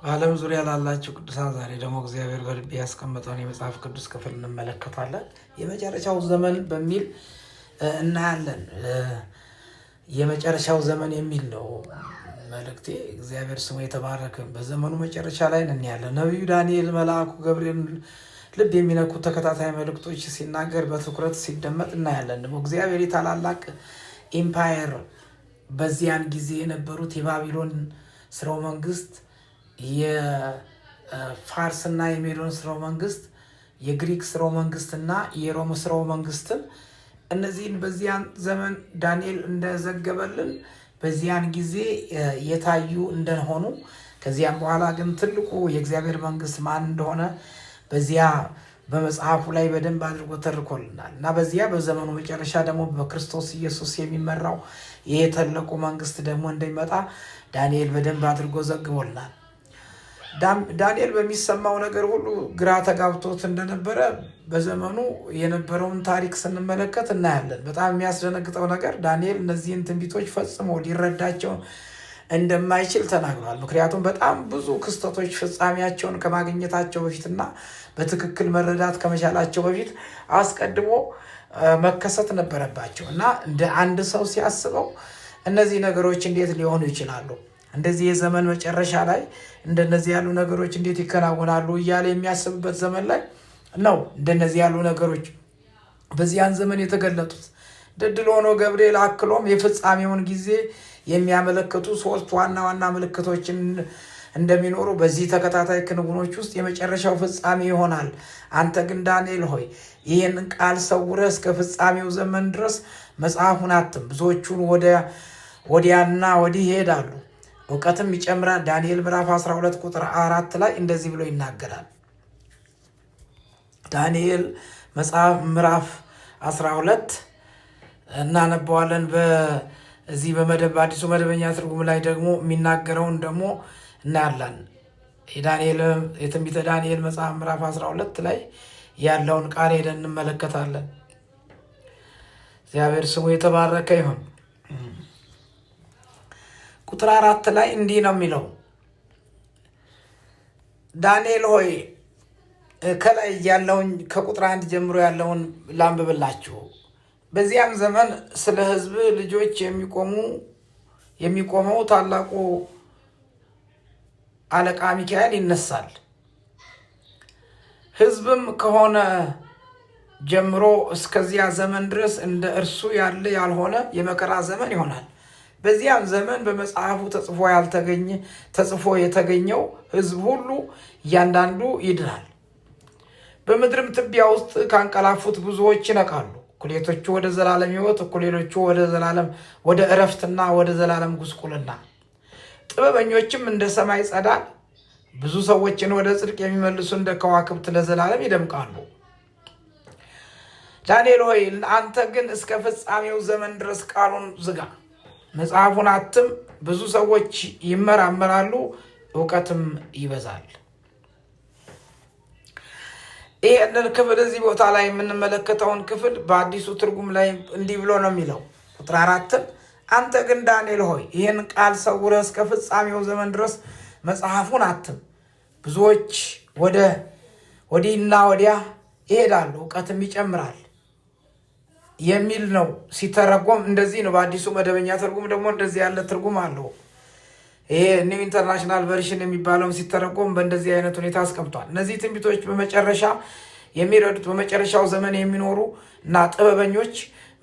በዓለም ዙሪያ ላላችሁ ቅዱሳን ዛሬ ደግሞ እግዚአብሔር በልቤ ያስቀመጠውን የመጽሐፍ ቅዱስ ክፍል እንመለከታለን። የመጨረሻው ዘመን በሚል እናያለን። የመጨረሻው ዘመን የሚል ነው መልእክቴ። እግዚአብሔር ስሙ የተባረከ። በዘመኑ መጨረሻ ላይ ነን ነቢዩ ዳንኤል መልአኩ ገብርኤል ልብ የሚነኩ ተከታታይ መልእክቶች ሲናገር በትኩረት ሲደመጥ እናያለን። ደግሞ እግዚአብሔር የታላላቅ ኢምፓየር በዚያን ጊዜ የነበሩት የባቢሎን ስርወ መንግስት የፋርስና የሜዶን ስርወ መንግስት፣ የግሪክ ስርወ መንግስትና የሮም ስርወ መንግስትን እነዚህን በዚያን ዘመን ዳንኤል እንደዘገበልን በዚያን ጊዜ የታዩ እንደሆኑ ከዚያም በኋላ ግን ትልቁ የእግዚአብሔር መንግስት ማን እንደሆነ በዚያ በመጽሐፉ ላይ በደንብ አድርጎ ተርኮልናል እና በዚያ በዘመኑ መጨረሻ ደግሞ በክርስቶስ ኢየሱስ የሚመራው ይህ የተለቁ መንግስት ደግሞ እንደሚመጣ ዳንኤል በደንብ አድርጎ ዘግቦልናል። ዳንኤል በሚሰማው ነገር ሁሉ ግራ ተጋብቶት እንደነበረ በዘመኑ የነበረውን ታሪክ ስንመለከት እናያለን። በጣም የሚያስደነግጠው ነገር ዳንኤል እነዚህን ትንቢቶች ፈጽሞ ሊረዳቸው እንደማይችል ተናግሯል። ምክንያቱም በጣም ብዙ ክስተቶች ፍጻሜያቸውን ከማግኘታቸው በፊትና በትክክል መረዳት ከመቻላቸው በፊት አስቀድሞ መከሰት ነበረባቸው እና እንደ አንድ ሰው ሲያስበው እነዚህ ነገሮች እንዴት ሊሆኑ ይችላሉ እንደዚህ የዘመን መጨረሻ ላይ እንደነዚህ ያሉ ነገሮች እንዴት ይከናወናሉ እያለ የሚያስብበት ዘመን ላይ ነው እንደነዚህ ያሉ ነገሮች በዚያን ዘመን የተገለጡት። ድድል ሆኖ ገብርኤል አክሎም የፍጻሜውን ጊዜ የሚያመለክቱ ሶስት ዋና ዋና ምልክቶችን እንደሚኖሩ በዚህ ተከታታይ ክንውኖች ውስጥ የመጨረሻው ፍጻሜ ይሆናል። አንተ ግን ዳንኤል ሆይ ይህን ቃል ሰውረህ እስከ ፍጻሜው ዘመን ድረስ መጽሐፉን አትም። ብዙዎቹን ወዲያና ወዲህ ይሄዳሉ እውቀትም ይጨምራል። ዳንኤል ምዕራፍ 12 ቁጥር አራት ላይ እንደዚህ ብሎ ይናገራል። ዳንኤል መጽሐፍ ምዕራፍ 12 እናነበዋለን። በዚህ በመደብ አዲሱ መደበኛ ትርጉም ላይ ደግሞ የሚናገረውን ደግሞ እናያለን። የትንቢተ ዳንኤል መጽሐፍ ምዕራፍ 12 ላይ ያለውን ቃል ሄደን እንመለከታለን። እግዚአብሔር ስሙ የተባረከ ይሁን። ቁጥር አራት ላይ እንዲህ ነው የሚለው ዳንኤል ሆይ ከላይ ያለውን ከቁጥር አንድ ጀምሮ ያለውን ላንብብላችሁ። በዚያም ዘመን ስለ ሕዝብ ልጆች የሚቆሙ የሚቆመው ታላቁ አለቃ ሚካኤል ይነሳል። ሕዝብም ከሆነ ጀምሮ እስከዚያ ዘመን ድረስ እንደ እርሱ ያለ ያልሆነ የመከራ ዘመን ይሆናል። በዚያን ዘመን በመጽሐፉ ተጽፎ ያልተገኘ ተጽፎ የተገኘው ህዝብ ሁሉ እያንዳንዱ ይድናል። በምድርም ትቢያ ውስጥ ካንቀላፉት ብዙዎች ይነቃሉ። እኩሌቶቹ ወደ ዘላለም ህይወት፣ እኩሌሎቹ ወደ ዘላለም ወደ እረፍትና ወደ ዘላለም ጉስቁልና። ጥበበኞችም እንደ ሰማይ ጸዳል፣ ብዙ ሰዎችን ወደ ጽድቅ የሚመልሱ እንደ ከዋክብት ለዘላለም ይደምቃሉ። ዳንኤል ሆይ አንተ ግን እስከ ፍጻሜው ዘመን ድረስ ቃሉን ዝጋ። መጽሐፉን አትም ብዙ ሰዎች ይመራመራሉ፣ እውቀትም ይበዛል። ይህንን ክፍል እዚህ ቦታ ላይ የምንመለከተውን ክፍል በአዲሱ ትርጉም ላይ እንዲህ ብሎ ነው የሚለው ቁጥር አራትም አንተ ግን ዳንኤል ሆይ ይህን ቃል ሰውረ እስከ ፍጻሜው ዘመን ድረስ መጽሐፉን አትም። ብዙዎች ወደ ወዲህና ወዲያ ይሄዳሉ፣ እውቀትም ይጨምራል የሚል ነው ሲተረጎም እንደዚህ ነው። በአዲሱ መደበኛ ትርጉም ደግሞ እንደዚህ ያለ ትርጉም አለው። ይሄ ኒው ኢንተርናሽናል ቨርሽን የሚባለው ሲተረጎም በእንደዚህ አይነት ሁኔታ አስቀምጧል። እነዚህ ትንቢቶች በመጨረሻ የሚረዱት በመጨረሻው ዘመን የሚኖሩ እና ጥበበኞች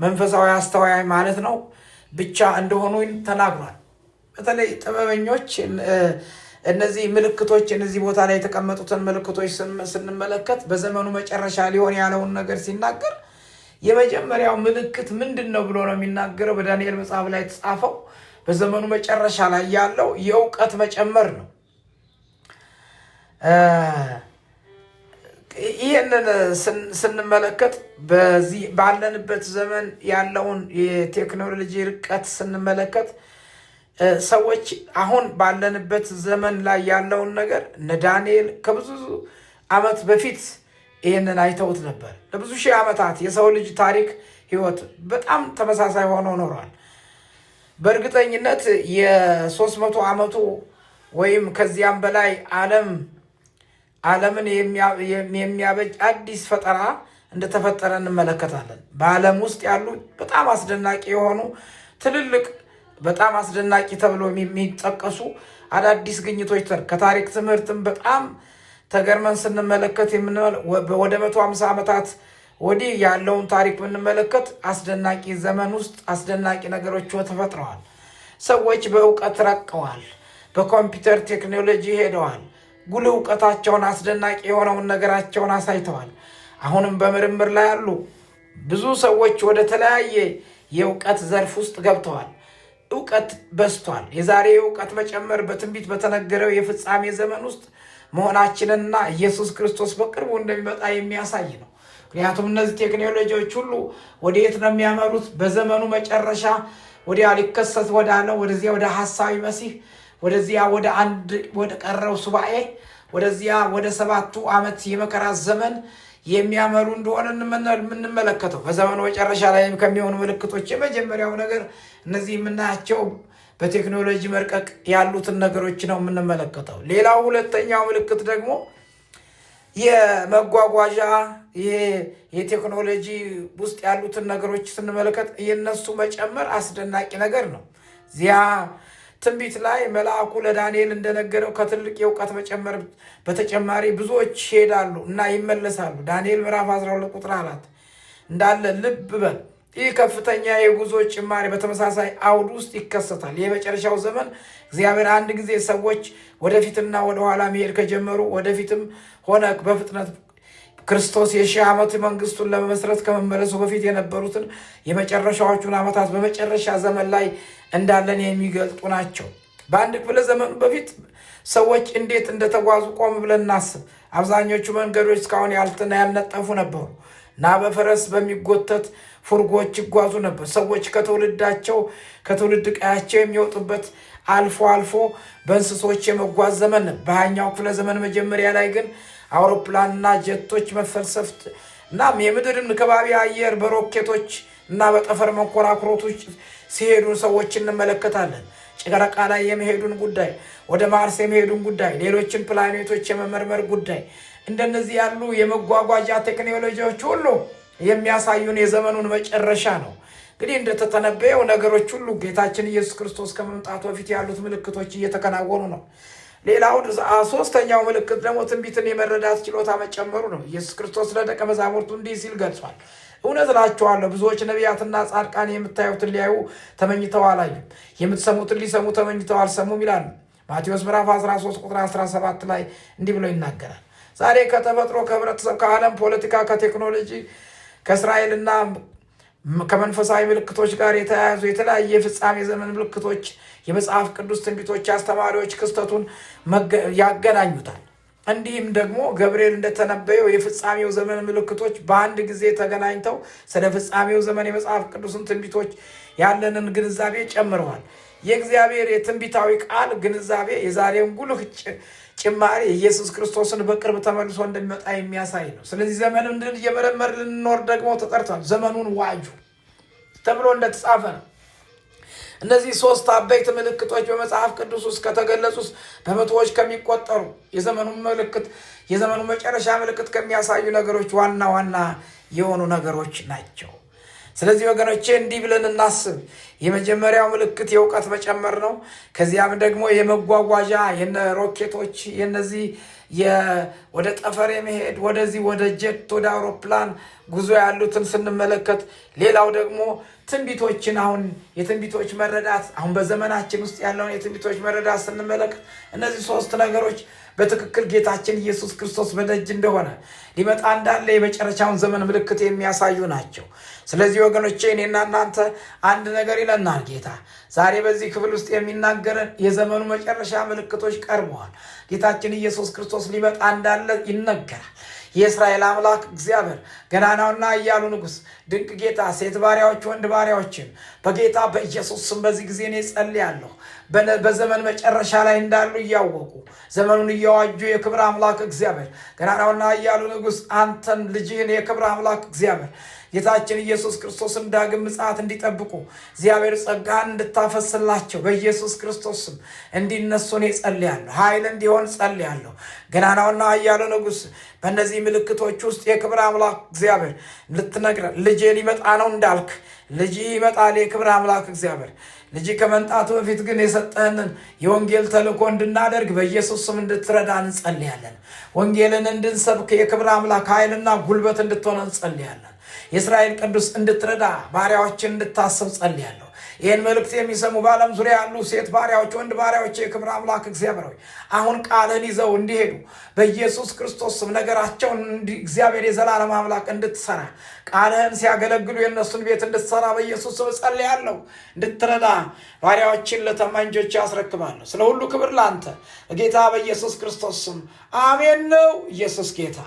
መንፈሳዊ አስተዋያይ ማለት ነው ብቻ እንደሆኑ ተናግሯል። በተለይ ጥበበኞች እነዚህ ምልክቶች እነዚህ ቦታ ላይ የተቀመጡትን ምልክቶች ስንመለከት በዘመኑ መጨረሻ ሊሆን ያለውን ነገር ሲናገር የመጀመሪያው ምልክት ምንድን ነው ብሎ ነው የሚናገረው? በዳንኤል መጽሐፍ ላይ የተጻፈው በዘመኑ መጨረሻ ላይ ያለው የእውቀት መጨመር ነው። ይህንን ስንመለከት በዚህ ባለንበት ዘመን ያለውን የቴክኖሎጂ ርቀት ስንመለከት ሰዎች አሁን ባለንበት ዘመን ላይ ያለውን ነገር እነ ዳንኤል ከብዙ ዓመት በፊት ይህንን አይተውት ነበር። ለብዙ ሺህ ዓመታት የሰው ልጅ ታሪክ ህይወት በጣም ተመሳሳይ ሆኖ ኖሯል። በእርግጠኝነት የሦስት መቶ ዓመቱ ወይም ከዚያም በላይ ዓለም ዓለምን የሚያበጅ አዲስ ፈጠራ እንደተፈጠረ እንመለከታለን። በዓለም ውስጥ ያሉ በጣም አስደናቂ የሆኑ ትልልቅ በጣም አስደናቂ ተብሎ የሚጠቀሱ አዳዲስ ግኝቶች ከታሪክ ትምህርትም በጣም ተገርመን ስንመለከት ወደ መቶ ሃምሳ ዓመታት ወዲህ ያለውን ታሪክ ብንመለከት አስደናቂ ዘመን ውስጥ አስደናቂ ነገሮች ተፈጥረዋል። ሰዎች በእውቀት ረቀዋል። በኮምፒውተር ቴክኖሎጂ ሄደዋል። ጉል እውቀታቸውን አስደናቂ የሆነውን ነገራቸውን አሳይተዋል። አሁንም በምርምር ላይ ያሉ ብዙ ሰዎች ወደ ተለያየ የእውቀት ዘርፍ ውስጥ ገብተዋል። እውቀት በዝቷል። የዛሬ እውቀት መጨመር በትንቢት በተነገረው የፍጻሜ ዘመን ውስጥ መሆናችንና ኢየሱስ ክርስቶስ በቅርቡ እንደሚመጣ የሚያሳይ ነው። ምክንያቱም እነዚህ ቴክኖሎጂዎች ሁሉ ወደየት ነው የሚያመሩት? በዘመኑ መጨረሻ ወዲያ ሊከሰት ወዳለው ወደዚያ ወደ ሀሳዊ መሲህ ወደዚያ ወደ አንድ ወደ ቀረው ሱባኤ ወደዚያ ወደ ሰባቱ ዓመት የመከራ ዘመን የሚያመሩ እንደሆነ የምንመለከተው በዘመኑ መጨረሻ ላይ ከሚሆኑ ምልክቶች የመጀመሪያው ነገር እነዚህ የምናያቸው በቴክኖሎጂ መርቀቅ ያሉትን ነገሮች ነው የምንመለከተው። ሌላው ሁለተኛው ምልክት ደግሞ የመጓጓዣ የቴክኖሎጂ ውስጥ ያሉትን ነገሮች ስንመለከት የነሱ መጨመር አስደናቂ ነገር ነው። እዚያ ትንቢት ላይ መልአኩ ለዳንኤል እንደነገረው ከትልቅ የእውቀት መጨመር በተጨማሪ ብዙዎች ይሄዳሉ እና ይመለሳሉ። ዳንኤል ምዕራፍ 12 ቁጥር አላት እንዳለ ልብ በል። ይህ ከፍተኛ የጉዞ ጭማሪ በተመሳሳይ አውድ ውስጥ ይከሰታል። የመጨረሻው ዘመን እግዚአብሔር አንድ ጊዜ ሰዎች ወደፊትና ወደኋላ መሄድ ከጀመሩ ወደፊትም ሆነ በፍጥነት ክርስቶስ የሺህ ዓመት መንግስቱን ለመመስረት ከመመለሱ በፊት የነበሩትን የመጨረሻዎቹን ዓመታት በመጨረሻ ዘመን ላይ እንዳለን የሚገልጡ ናቸው። በአንድ ክፍለ ዘመኑ በፊት ሰዎች እንዴት እንደተጓዙ ቆም ብለን እናስብ። አብዛኞቹ መንገዶች እስካሁን ያልትና ያልነጠፉ ነበሩ እና በፈረስ በሚጎተት ፉርጎች ይጓዙ ነበር። ሰዎች ከትውልዳቸው ከትውልድ ቀያቸው የሚወጡበት አልፎ አልፎ በእንስሶች የመጓዝ ዘመን ነው። በሃያኛው ክፍለ ዘመን መጀመሪያ ላይ ግን አውሮፕላንና ጀቶች መፈልሰፍት እናም የምድርን ከባቢ አየር በሮኬቶች እና በጠፈር መንኮራኩሮቶች ሲሄዱን ሰዎች እንመለከታለን። ጨረቃ ላይ የመሄዱን ጉዳይ፣ ወደ ማርስ የመሄዱን ጉዳይ፣ ሌሎችን ፕላኔቶች የመመርመር ጉዳይ እንደነዚህ ያሉ የመጓጓዣ ቴክኖሎጂዎች ሁሉ የሚያሳዩን የዘመኑን መጨረሻ ነው። እንግዲህ እንደተተነበየው ነገሮች ሁሉ ጌታችን ኢየሱስ ክርስቶስ ከመምጣቱ በፊት ያሉት ምልክቶች እየተከናወኑ ነው። ሌላው ሶስተኛው ምልክት ደግሞ ትንቢትን የመረዳት ችሎታ መጨመሩ ነው። ኢየሱስ ክርስቶስ ለደቀ መዛሙርቱ እንዲህ ሲል ገልጿል። እውነት እላችኋለሁ ብዙዎች ነቢያትና ጻድቃን የምታዩትን ሊያዩ ተመኝተው አላዩም፣ የምትሰሙትን ሊሰሙ ተመኝተው አልሰሙም ይላሉ። ማቴዎስ ምዕራፍ 13 ቁጥር 17 ላይ እንዲህ ብሎ ይናገራል። ዛሬ ከተፈጥሮ ከህብረተሰብ፣ ከዓለም ፖለቲካ፣ ከቴክኖሎጂ፣ ከእስራኤልና ከመንፈሳዊ ምልክቶች ጋር የተያያዙ የተለያየ የፍጻሜ ዘመን ምልክቶች የመጽሐፍ ቅዱስ ትንቢቶች አስተማሪዎች ክስተቱን ያገናኙታል። እንዲህም ደግሞ ገብርኤል እንደተነበየው የፍጻሜው ዘመን ምልክቶች በአንድ ጊዜ ተገናኝተው ስለ ፍጻሜው ዘመን የመጽሐፍ ቅዱስን ትንቢቶች ያለንን ግንዛቤ ጨምረዋል። የእግዚአብሔር የትንቢታዊ ቃል ግንዛቤ የዛሬውን ጉልህ ጭማሪ ኢየሱስ ክርስቶስን በቅርብ ተመልሶ እንደሚመጣ የሚያሳይ ነው። ስለዚህ ዘመን ምንድን እየመረመር ልንኖር ደግሞ ተጠርቷል። ዘመኑን ዋጁ። ተብሎ እንደተጻፈ ነው። እነዚህ ሶስት አበይት ምልክቶች በመጽሐፍ ቅዱስ ውስጥ ከተገለጹ በመቶዎች ከሚቆጠሩ የዘመኑ ምልክት የዘመኑ መጨረሻ ምልክት ከሚያሳዩ ነገሮች ዋና ዋና የሆኑ ነገሮች ናቸው። ስለዚህ ወገኖቼ እንዲህ ብለን እናስብ። የመጀመሪያው ምልክት የእውቀት መጨመር ነው። ከዚያም ደግሞ የመጓጓዣ የነ ሮኬቶች የነዚህ ወደ ጠፈር የመሄድ ወደዚህ ወደ ጀት ወደ አውሮፕላን ጉዞ ያሉትን ስንመለከት፣ ሌላው ደግሞ ትንቢቶችን አሁን የትንቢቶች መረዳት አሁን በዘመናችን ውስጥ ያለውን የትንቢቶች መረዳት ስንመለከት እነዚህ ሶስት ነገሮች በትክክል ጌታችን ኢየሱስ ክርስቶስ በደጅ እንደሆነ ሊመጣ እንዳለ የመጨረሻውን ዘመን ምልክት የሚያሳዩ ናቸው። ስለዚህ ወገኖቼ እኔና እናንተ አንድ ነገር ይለናል ጌታ። ዛሬ በዚህ ክፍል ውስጥ የሚናገረን የዘመኑ መጨረሻ ምልክቶች ቀርበዋል። ጌታችን ኢየሱስ ክርስቶስ ሊመጣ እንዳለ ይነገራል። የእስራኤል አምላክ እግዚአብሔር ገናናውና እያሉ ንጉሥ ድንቅ ጌታ ሴት ባሪያዎች ወንድ ባሪያዎችን በጌታ በኢየሱስ ስም በዚህ ጊዜ እኔ ጸልያለሁ። በዘመን መጨረሻ ላይ እንዳሉ እያወቁ ዘመኑን እያዋጁ የክብር አምላክ እግዚአብሔር ገናናውና እያሉ ንጉሥ አንተን ልጅህን የክብር አምላክ እግዚአብሔር ጌታችን ኢየሱስ ክርስቶስን ዳግም ምጽአት እንዲጠብቁ እግዚአብሔር ጸጋን እንድታፈስላቸው በኢየሱስ ክርስቶስም እንዲነሱ እኔ ጸልያለሁ። ኃይል እንዲሆን ጸልያለሁ። ገናናውና እያሉ ንጉሥ በእነዚህ ምልክቶች ውስጥ የክብር አምላክ እግዚአብሔር ልትነግረን ልጄ ሊመጣ ነው እንዳልክ ልጅ ይመጣል። የክብር አምላክ እግዚአብሔር ልጅ ከመምጣቱ በፊት ግን የሰጠህንን የወንጌል ተልእኮ እንድናደርግ በኢየሱስ ስም እንድትረዳ እንጸልያለን። ወንጌልን እንድንሰብክ የክብር አምላክ ኃይልና ጉልበት እንድትሆነ እንጸልያለን። የእስራኤል ቅዱስ እንድትረዳ ባሪያዎችን እንድታስብ ጸልያለሁ። ይህን መልእክት የሚሰሙ በዓለም ዙሪያ ያሉ ሴት ባሪያዎች፣ ወንድ ባሪያዎች የክብር አምላክ እግዚአብሔር ሆይ አሁን ቃልን ይዘው እንዲሄዱ በኢየሱስ ክርስቶስ ስም ነገራቸውን እግዚአብሔር የዘላለም አምላክ እንድትሰራ ቃልህን ሲያገለግሉ የእነሱን ቤት እንድትሰራ በኢየሱስ ስም ጸልያለሁ። እንድትረዳ ባሪያዎችን ለተማንጆች ያስረክባለሁ። ስለ ሁሉ ክብር ላንተ ጌታ በኢየሱስ ክርስቶስ ስም አሜን። ነው ኢየሱስ ጌታ